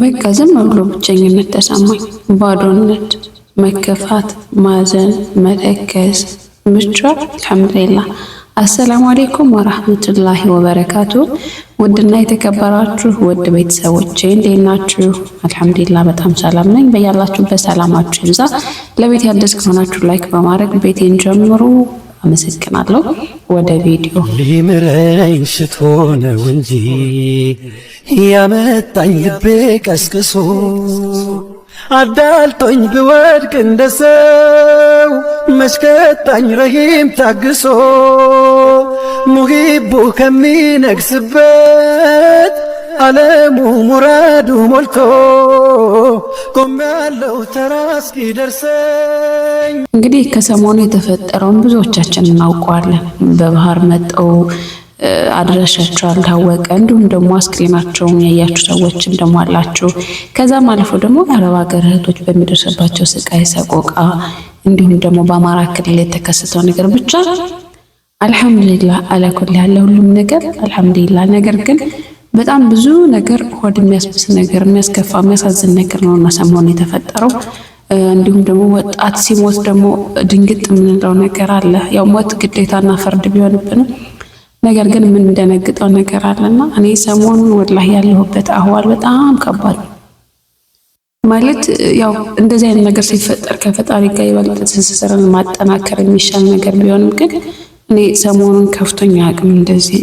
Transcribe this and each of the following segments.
በቃ ዝም ብሎ ብቸኝነት ተሰማኝ። ባዶነት፣ መከፋት፣ ማዘን፣ መተከዝ ብቻ ከምሬላ። አሰላሙ አሌይኩም ወራህመቱላሂ ወበረካቱ። ውድና የተከበራችሁ ውድ ቤተሰቦች እንዴት ናችሁ? አልሐምዱሊላ በጣም ሰላም ነኝ። በያላችሁበት ሰላማችሁ ይብዛ። ለቤት ያደስ ከሆናችሁ ላይክ በማድረግ ቤቴን ጀምሩ። አመሰግናለሁ። ወደ ቪዲዮ ሊምረኝ ሽቶ ነው እንጂ ያመጣኝ ልቤ ቀስቅሶ አዳልጦኝ ብወድቅ እንደ ሰው መሽከጣኝ ረሂም ታግሶ ሙሂቡ ከሚነግስበት አለሙ ሙራዱ ሞልቶ ያለው ተራ እስኪደርሰኝ። እንግዲህ ከሰሞኑ የተፈጠረውን ብዙዎቻችን እናውቀዋለን። በባህር መጠው አድራሻቸው አልታወቀ፣ እንዲሁም ደግሞ አስክሬናቸውን ያያችሁ ደግሞ አላችሁ። ከዛም አልፎ ደግሞ የአረብ ሀገር እህቶች በሚደርስባቸው ስቃይ ሰቆቃ፣ እንዲሁም ደግሞ በአማራ ክልል የተከሰተው ነገር ብቻ አልሐምዱሊላህ አላኩል ያለ ሁሉም ነገር አልሐምዱሊላህ ነገር ግን በጣም ብዙ ነገር ሆድ የሚያስብስ ነገር፣ የሚያስከፋ የሚያሳዝን ነገር ነው እና ሰሞኑን የተፈጠረው እንዲሁም ደግሞ ወጣት ሲሞት ደግሞ ድንግጥ የምንለው ነገር አለ። ያው ሞት ግዴታና ፍርድ ቢሆንብንም ነገር ግን የምንደነግጠው ነገር አለና እኔ ሰሞኑን ወላህ ያለሁበት አህዋል በጣም ከባድ ማለት ያው እንደዚህ አይነት ነገር ሲፈጠር ከፈጣሪ ጋር ይበልጥ ትስስርን ማጠናከር የሚሻል ነገር ቢሆንም ግን እኔ ሰሞኑን ከፍቶኝ አቅም እንደዚህ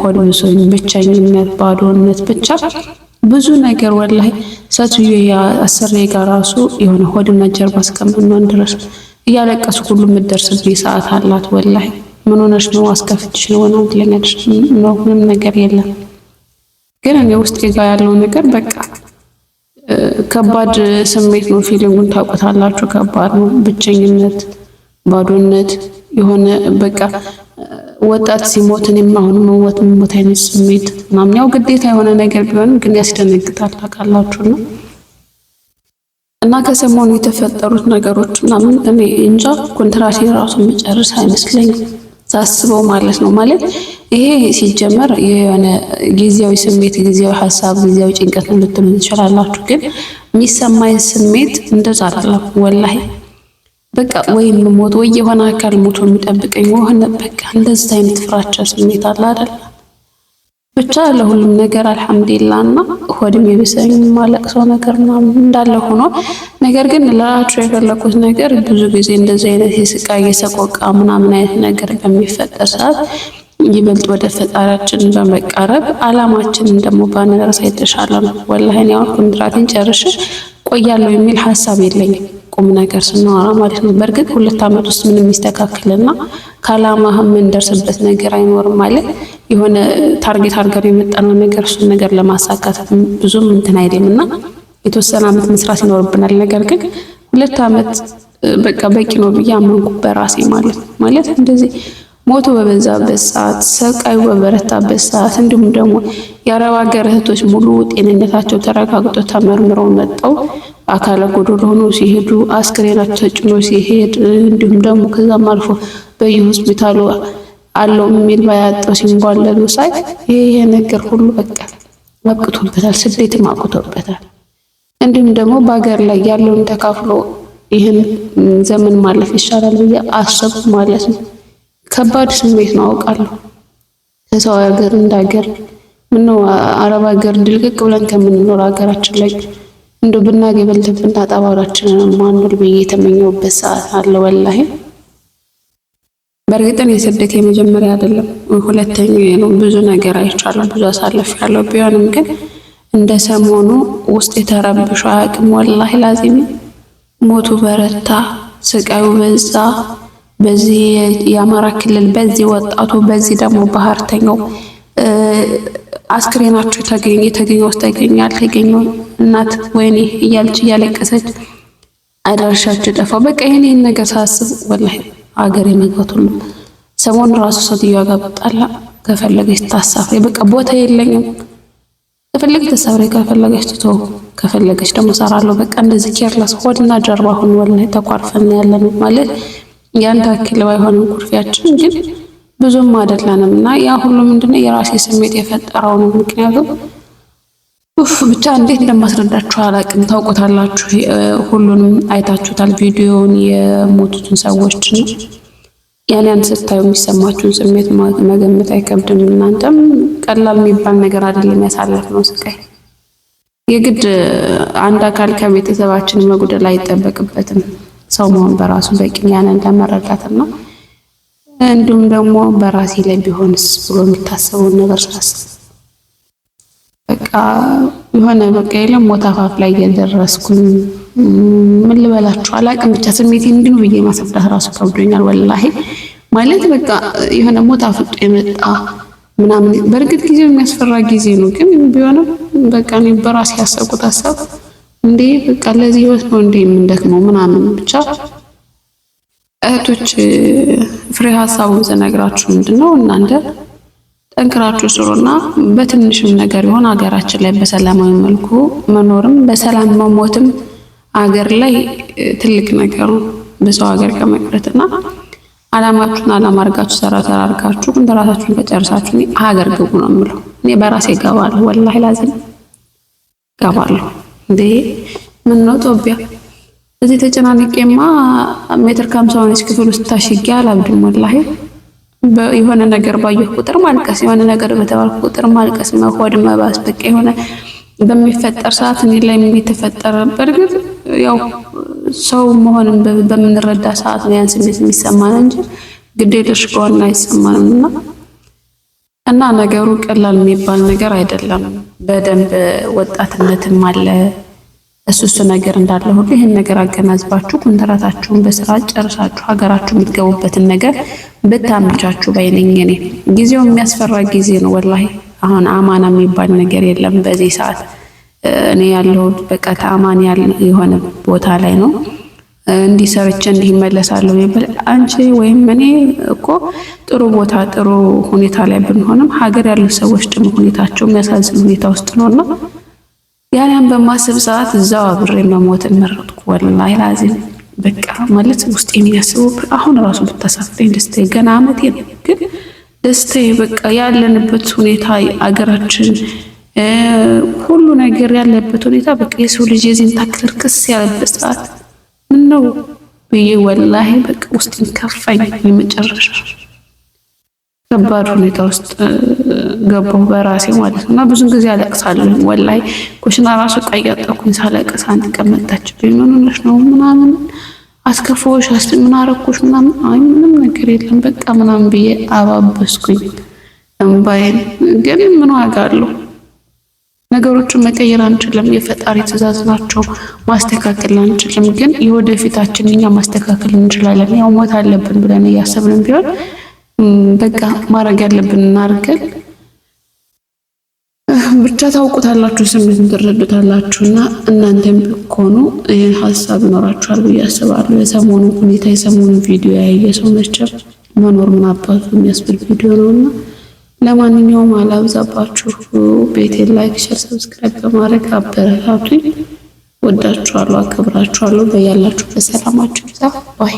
ሆድ ሰው ብቸኝነት፣ ባዶነት ብቻ ብዙ ነገር ወላይ ሰትዮ የአስሬ ጋር ራሱ የሆነ ሆድና ጀርባ እስከምንሆን ድረስ እያለቀስ ሁሉ የምትደርስብኝ ሰዓት አላት። ወላይ ምን ሆነሽ ነው አስከፍትሽ ነው ሆነ ለነድሽ ነው ምንም ነገር የለም። ግን እኔ ውስጤ ጋር ያለው ነገር በቃ ከባድ ስሜት ነው። ፊሊንጉን ታውቁታላችሁ። ከባድ ነው ብቸኝነት፣ ባዶነት የሆነ በቃ ወጣት ሲሞት እኔም አሁን መሞት መሞት አይነት ስሜት ምናምን ያው ግዴታ የሆነ ነገር ቢሆንም ግን ያስደነግጣል ታውቃላችሁ ነው። እና ከሰሞኑ የተፈጠሩት ነገሮች ምናምን እኔ እንጃ ኮንትራቴ ራሱ መጨረስ አይመስለኝም ሳስበው ማለት ነው። ማለት ይሄ ሲጀመር የሆነ ጊዜያዊ ስሜት፣ ጊዜያዊ ሀሳብ፣ ጊዜያዊ ጭንቀት ነው ልትሉ ትችላላችሁ። ግን የሚሰማኝ ስሜት እንደዛ አይደለም ወላሂ በቃ ወይም ሞት ወይ የሆነ አካል ሞቶ የሚጠብቀኝ ሆነ በቃ እንደዚህ አይነት ፍራቻ ስሜት አለ አይደል? ብቻ ለሁሉም ነገር አልሐምዱሊላህ እና ሆድም የብሰኝ ማለቅሰው ነገር ምናምን እንዳለ ሆኖ ነገር ግን ለራቸው የፈለኩት ነገር ብዙ ጊዜ እንደዚህ አይነት የስቃይ የሰቆቃ ምናምን አይነት ነገር በሚፈጠር ሰዓት ይበልጥ ወደ ፈጣሪያችን በመቃረብ አላማችንን ደግሞ ባንረሳ የተሻለ ነው። ወላሂ እኔ አሁን ኮንትራቴን ጨርሼ ቆያለሁ የሚል ሀሳብ የለኝም። ቁም ነገር ስናወራ ማለት ነው። በእርግጥ ሁለት ዓመት ውስጥ ምንም የሚስተካከልና ከዓላማህ የምንደርስበት ነገር አይኖርም ማለት የሆነ ታርጌት አድርገን የመጣነው ነገር እሱን ነገር ለማሳካት ብዙም እንትን አይልም እና የተወሰነ ዓመት መስራት ይኖርብናል። ነገር ግን ሁለት ዓመት በቃ በቂ ነው ብዬ አመንኩ በራሴ ማለት ማለት እንደዚህ ሞቱ በበዛበት ሰዓት፣ ሰቃዩ በበረታበት ሰዓት እንዲሁም ደግሞ የአረብ ሀገር እህቶች ሙሉ ጤንነታቸው ተረጋግጦ ተመርምረው መጠው አካለ ጎዶሎ ሆኖ ሲሄዱ አስክሬናቸው ተጭኖ ሲሄድ እንዲሁም ደግሞ ከዛም አልፎ በየሆስፒታሉ አለው የሚል ባያጠው ሲንጓለሉ ሳይ ይሄ ነገር ሁሉ በቃ አብቅቶበታል፣ ስደትም አብቅቶበታል። እንዲሁም ደግሞ በሀገር ላይ ያለውን ተካፍሎ ይህን ዘመን ማለፍ ይሻላል ብዬ አሰብኩ ማለት ነው። ከባድ ስሜት ነው አውቃለሁ። ከሰው ሀገር እንደ ሀገር ምነው አረብ ሀገር ድልቅቅ ብለን ከምንኖር ሀገራችን ላይ እንደ ብናገ የበልተን ብናጣ ባሏችንን ማኖር ብዬ የተመኘሁበት ሰዓት አለ ወላሂ። በእርግጥ የስደት የመጀመሪያ አይደለም ሁለተኛው ነው። ብዙ ነገር አይቻለሁ፣ ብዙ አሳለፍ አሳልፌያለሁ። ቢሆንም ግን እንደ ሰሞኑ ውስጥ የተረብሸ አቅም ወላሂ ላዚም ሞቱ በረታ፣ ስቃዩ በዛ በዚህ የአማራ ክልል በዚህ ወጣቱ በዚህ ደግሞ ባህርተኛው አስክሬናቸው ተገኘ የተገኘ ውስጥ ተገኘ ያልተገኘ እናት ወይኔ እያለች እያለቀሰች አድራሻቸው ጠፋው። በቃ ይህን ነገር ሳስብ ወላሂ አገር የመግባት ሁሉ ሰሞኑ ራሱ ሴትዮዋ ጋር ብጣላ ከፈለገች ታሳፍሬ በቃ ቦታ የለኝም ከፈለገች ተሳፍሬ ከፈለገች ትቶ ከፈለገች ደግሞ ሰራለሁ። በቃ እንደዚህ ኬርለስ ሆድና ጀርባ ሁን ወላሂ ተኳርፈን ያለን ማለት ያን ታክል ባይሆንም ኩርፊያችን ግን ብዙም አይደለንም እና ያ ሁሉ ምንድነው የራሴ ስሜት የፈጠረው ነው። ምክንያቱም ኡፍ ብቻ እንዴት እንደማስረዳችሁ አላቅም። ታውቁታላችሁ ሁሉንም አይታችሁታል ቪዲዮውን የሞቱትን ሰዎች ያን ያን ስታዩ የሚሰማችሁን ስሜት መገመት አይከብድም። እናንተም ቀላል የሚባል ነገር አይደለም ያሳለፍ ነው ስቃይ። የግድ አንድ አካል ከቤተሰባችን መጉደል አይጠበቅበትም። ሰው መሆን በራሱ በቂ ያንን ነው። እንዲሁም ደግሞ በራሴ ላይ ቢሆንስ ብሎ የሚታሰበውን ነገር ሳስብ በቃ የሆነ በቃ የለም ሞት አፋፍ ላይ እየደረስኩኝ ምን ልበላችሁ አላቅም። ብቻ ስሜቴ እንድን ብዬ ማስረዳት ራሱ ከብዶኛል ወላሂ። ማለት በቃ የሆነ ሞት አፍጦ የመጣ ምናምን። በእርግጥ ጊዜው የሚያስፈራ ጊዜ ነው፣ ግን ቢሆንም በቃ በራሴ ያሰብኩት ሀሳብ እንዴ በቃ ለዚህ ህይወት ነው እንዴ የምንደክመው ምናምን ብቻ እህቶች ፍሬ ሀሳቡን ስነግራችሁ ምንድነው እናንተ ጠንክራችሁ ስሩና በትንሽም ነገር ይሆን ሀገራችን ላይ በሰላማዊ መልኩ መኖርም በሰላም መሞትም አገር ላይ ትልቅ ነገር ነው። በሰው ሀገር ከመቅረትና አላማችሁን አላማ አድርጋችሁ ሰራ ሰራ አድርጋችሁ ራሳችሁን ከጨርሳችሁ ሀገር ግቡ ነው የምለው። እኔ በራሴ ገባለሁ፣ ወላሂ ላዚም ገባለሁ። እንዴ ምን ነው ጦቢያ እዚህ ተጨናንቄማ ሜትር ከሀምሳ ሆነች ክፍል ውስጥ ታሽጌ አላብድም። ወላሂ የሆነ ነገር ባየሁ ቁጥር ማልቀስ፣ የሆነ ነገር በተባልኩ ቁጥር ማልቀስ፣ መሆድ መባስ፣ በቃ የሆነ በሚፈጠር ሰዓት እኔ ላይ የተፈጠረ በእርግጥ ያው ሰው መሆንን በምንረዳ ሰዓት ነው ያን ስሜት የሚሰማን እንጂ ግዴለሽ ከሆነ አይሰማንም እና እና ነገሩ ቀላል የሚባል ነገር አይደለም። በደንብ ወጣትነትም አለ እሱ እሱ ነገር እንዳለ ሁሉ ይህን ነገር አገናዝባችሁ ኮንትራታችሁን በስራ ጨርሳችሁ ሀገራችሁ የምትገቡበትን ነገር ብታመቻችሁ ባይነኝ። እኔ ጊዜው የሚያስፈራ ጊዜ ነው ወላሂ። አሁን አማና የሚባል ነገር የለም በዚህ ሰዓት። እኔ ያለሁት በቃ ተአማኒ የሆነ ቦታ ላይ ነው። እንዲህ ሰርቼ እንዲህ ይመለሳለሁ የሚባል አንቺ ወይም እኔ እኮ ጥሩ ቦታ ጥሩ ሁኔታ ላይ ብንሆንም ሀገር ያሉ ሰዎች ደግሞ ሁኔታቸው የሚያሳዝን ሁኔታ ውስጥ ነውና ያንን በማሰብ ሰዓት እዛው አብሬ መሞት መረጥኩ። ወላሂ ላዚም በቃ ማለት ውስጥ የሚያስበው አሁን ራሱ ብታሳፍረኝ ደስታዬ ገና አመቴ ነው፣ ግን ደስታዬ በቃ ያለንበት ሁኔታ አገራችን ሁሉ ነገር ያለበት ሁኔታ በቃ የሰው ልጅ የዚህን ታክል ርክስ ያለበት ሰዓት ነው ብዬ ወላሂ በቃ ውስጤን ከፋኝ። የመጨረሻ ከባድ ሁኔታ ውስጥ ገባሁ በራሴ ማለት ነው። እና ብዙ ጊዜ አለቅሳለሁ ወላሂ ኩሽና ራሱ ዕቃ እያጠብኩኝ ሳለቅስ አንድ ቀን መጣችብኝ። ምን ሆነሽ ነው ምናምን አስከፋዎች አስ ምን አረኩሽ ምናምን፣ አይ ምንም ነገር የለም በቃ ምናምን ብዬ አባበስኩኝ እምባዬን። ግን ምን ዋጋ አለው? ነገሮችን መቀየር አንችልም። የፈጣሪ ትእዛዝ ናቸው። ማስተካከል አንችልም፣ ግን የወደፊታችን እኛ ማስተካከል እንችላለን። ያው ሞት አለብን ብለን እያሰብንም ቢሆን በቃ ማድረግ ያለብን እናድርገን። ብቻ ታውቁታላችሁ፣ ስሜቱን ትረዱታላችሁ እና እናንተም ከሆኑ ይህን ሀሳብ ይኖራችኋል ብዬ አስባለሁ። የሰሞኑ ሁኔታ የሰሞኑ ቪዲዮ ያየ ሰው መቼም መኖር ምን አባቱ የሚያስብል ቪዲዮ ነውና ለማንኛውም አላብዛባችሁ። ቤቴን ላይክ፣ ሸር፣ ሰብስክራይብ በማድረግ አበረታቱኝ። ወዳችኋለሁ፣ አከብራችኋለሁ። በያላችሁ በሰላማችሁ ዛ ባይ